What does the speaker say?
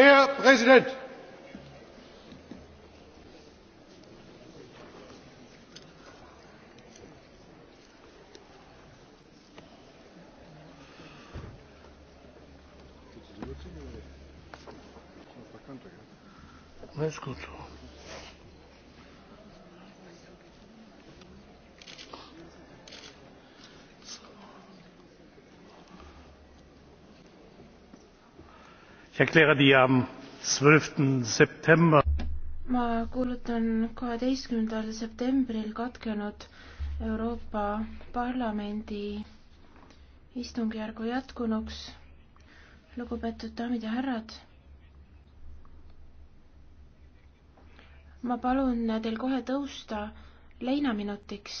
herr präsident! herr präsident! ma kuulutan 12. septembril katkenud euroopa parlamendi istungjärgu jätkunuks lugupeetud daamid ja härrad ma palun teil kohe tõusta leinaminutiks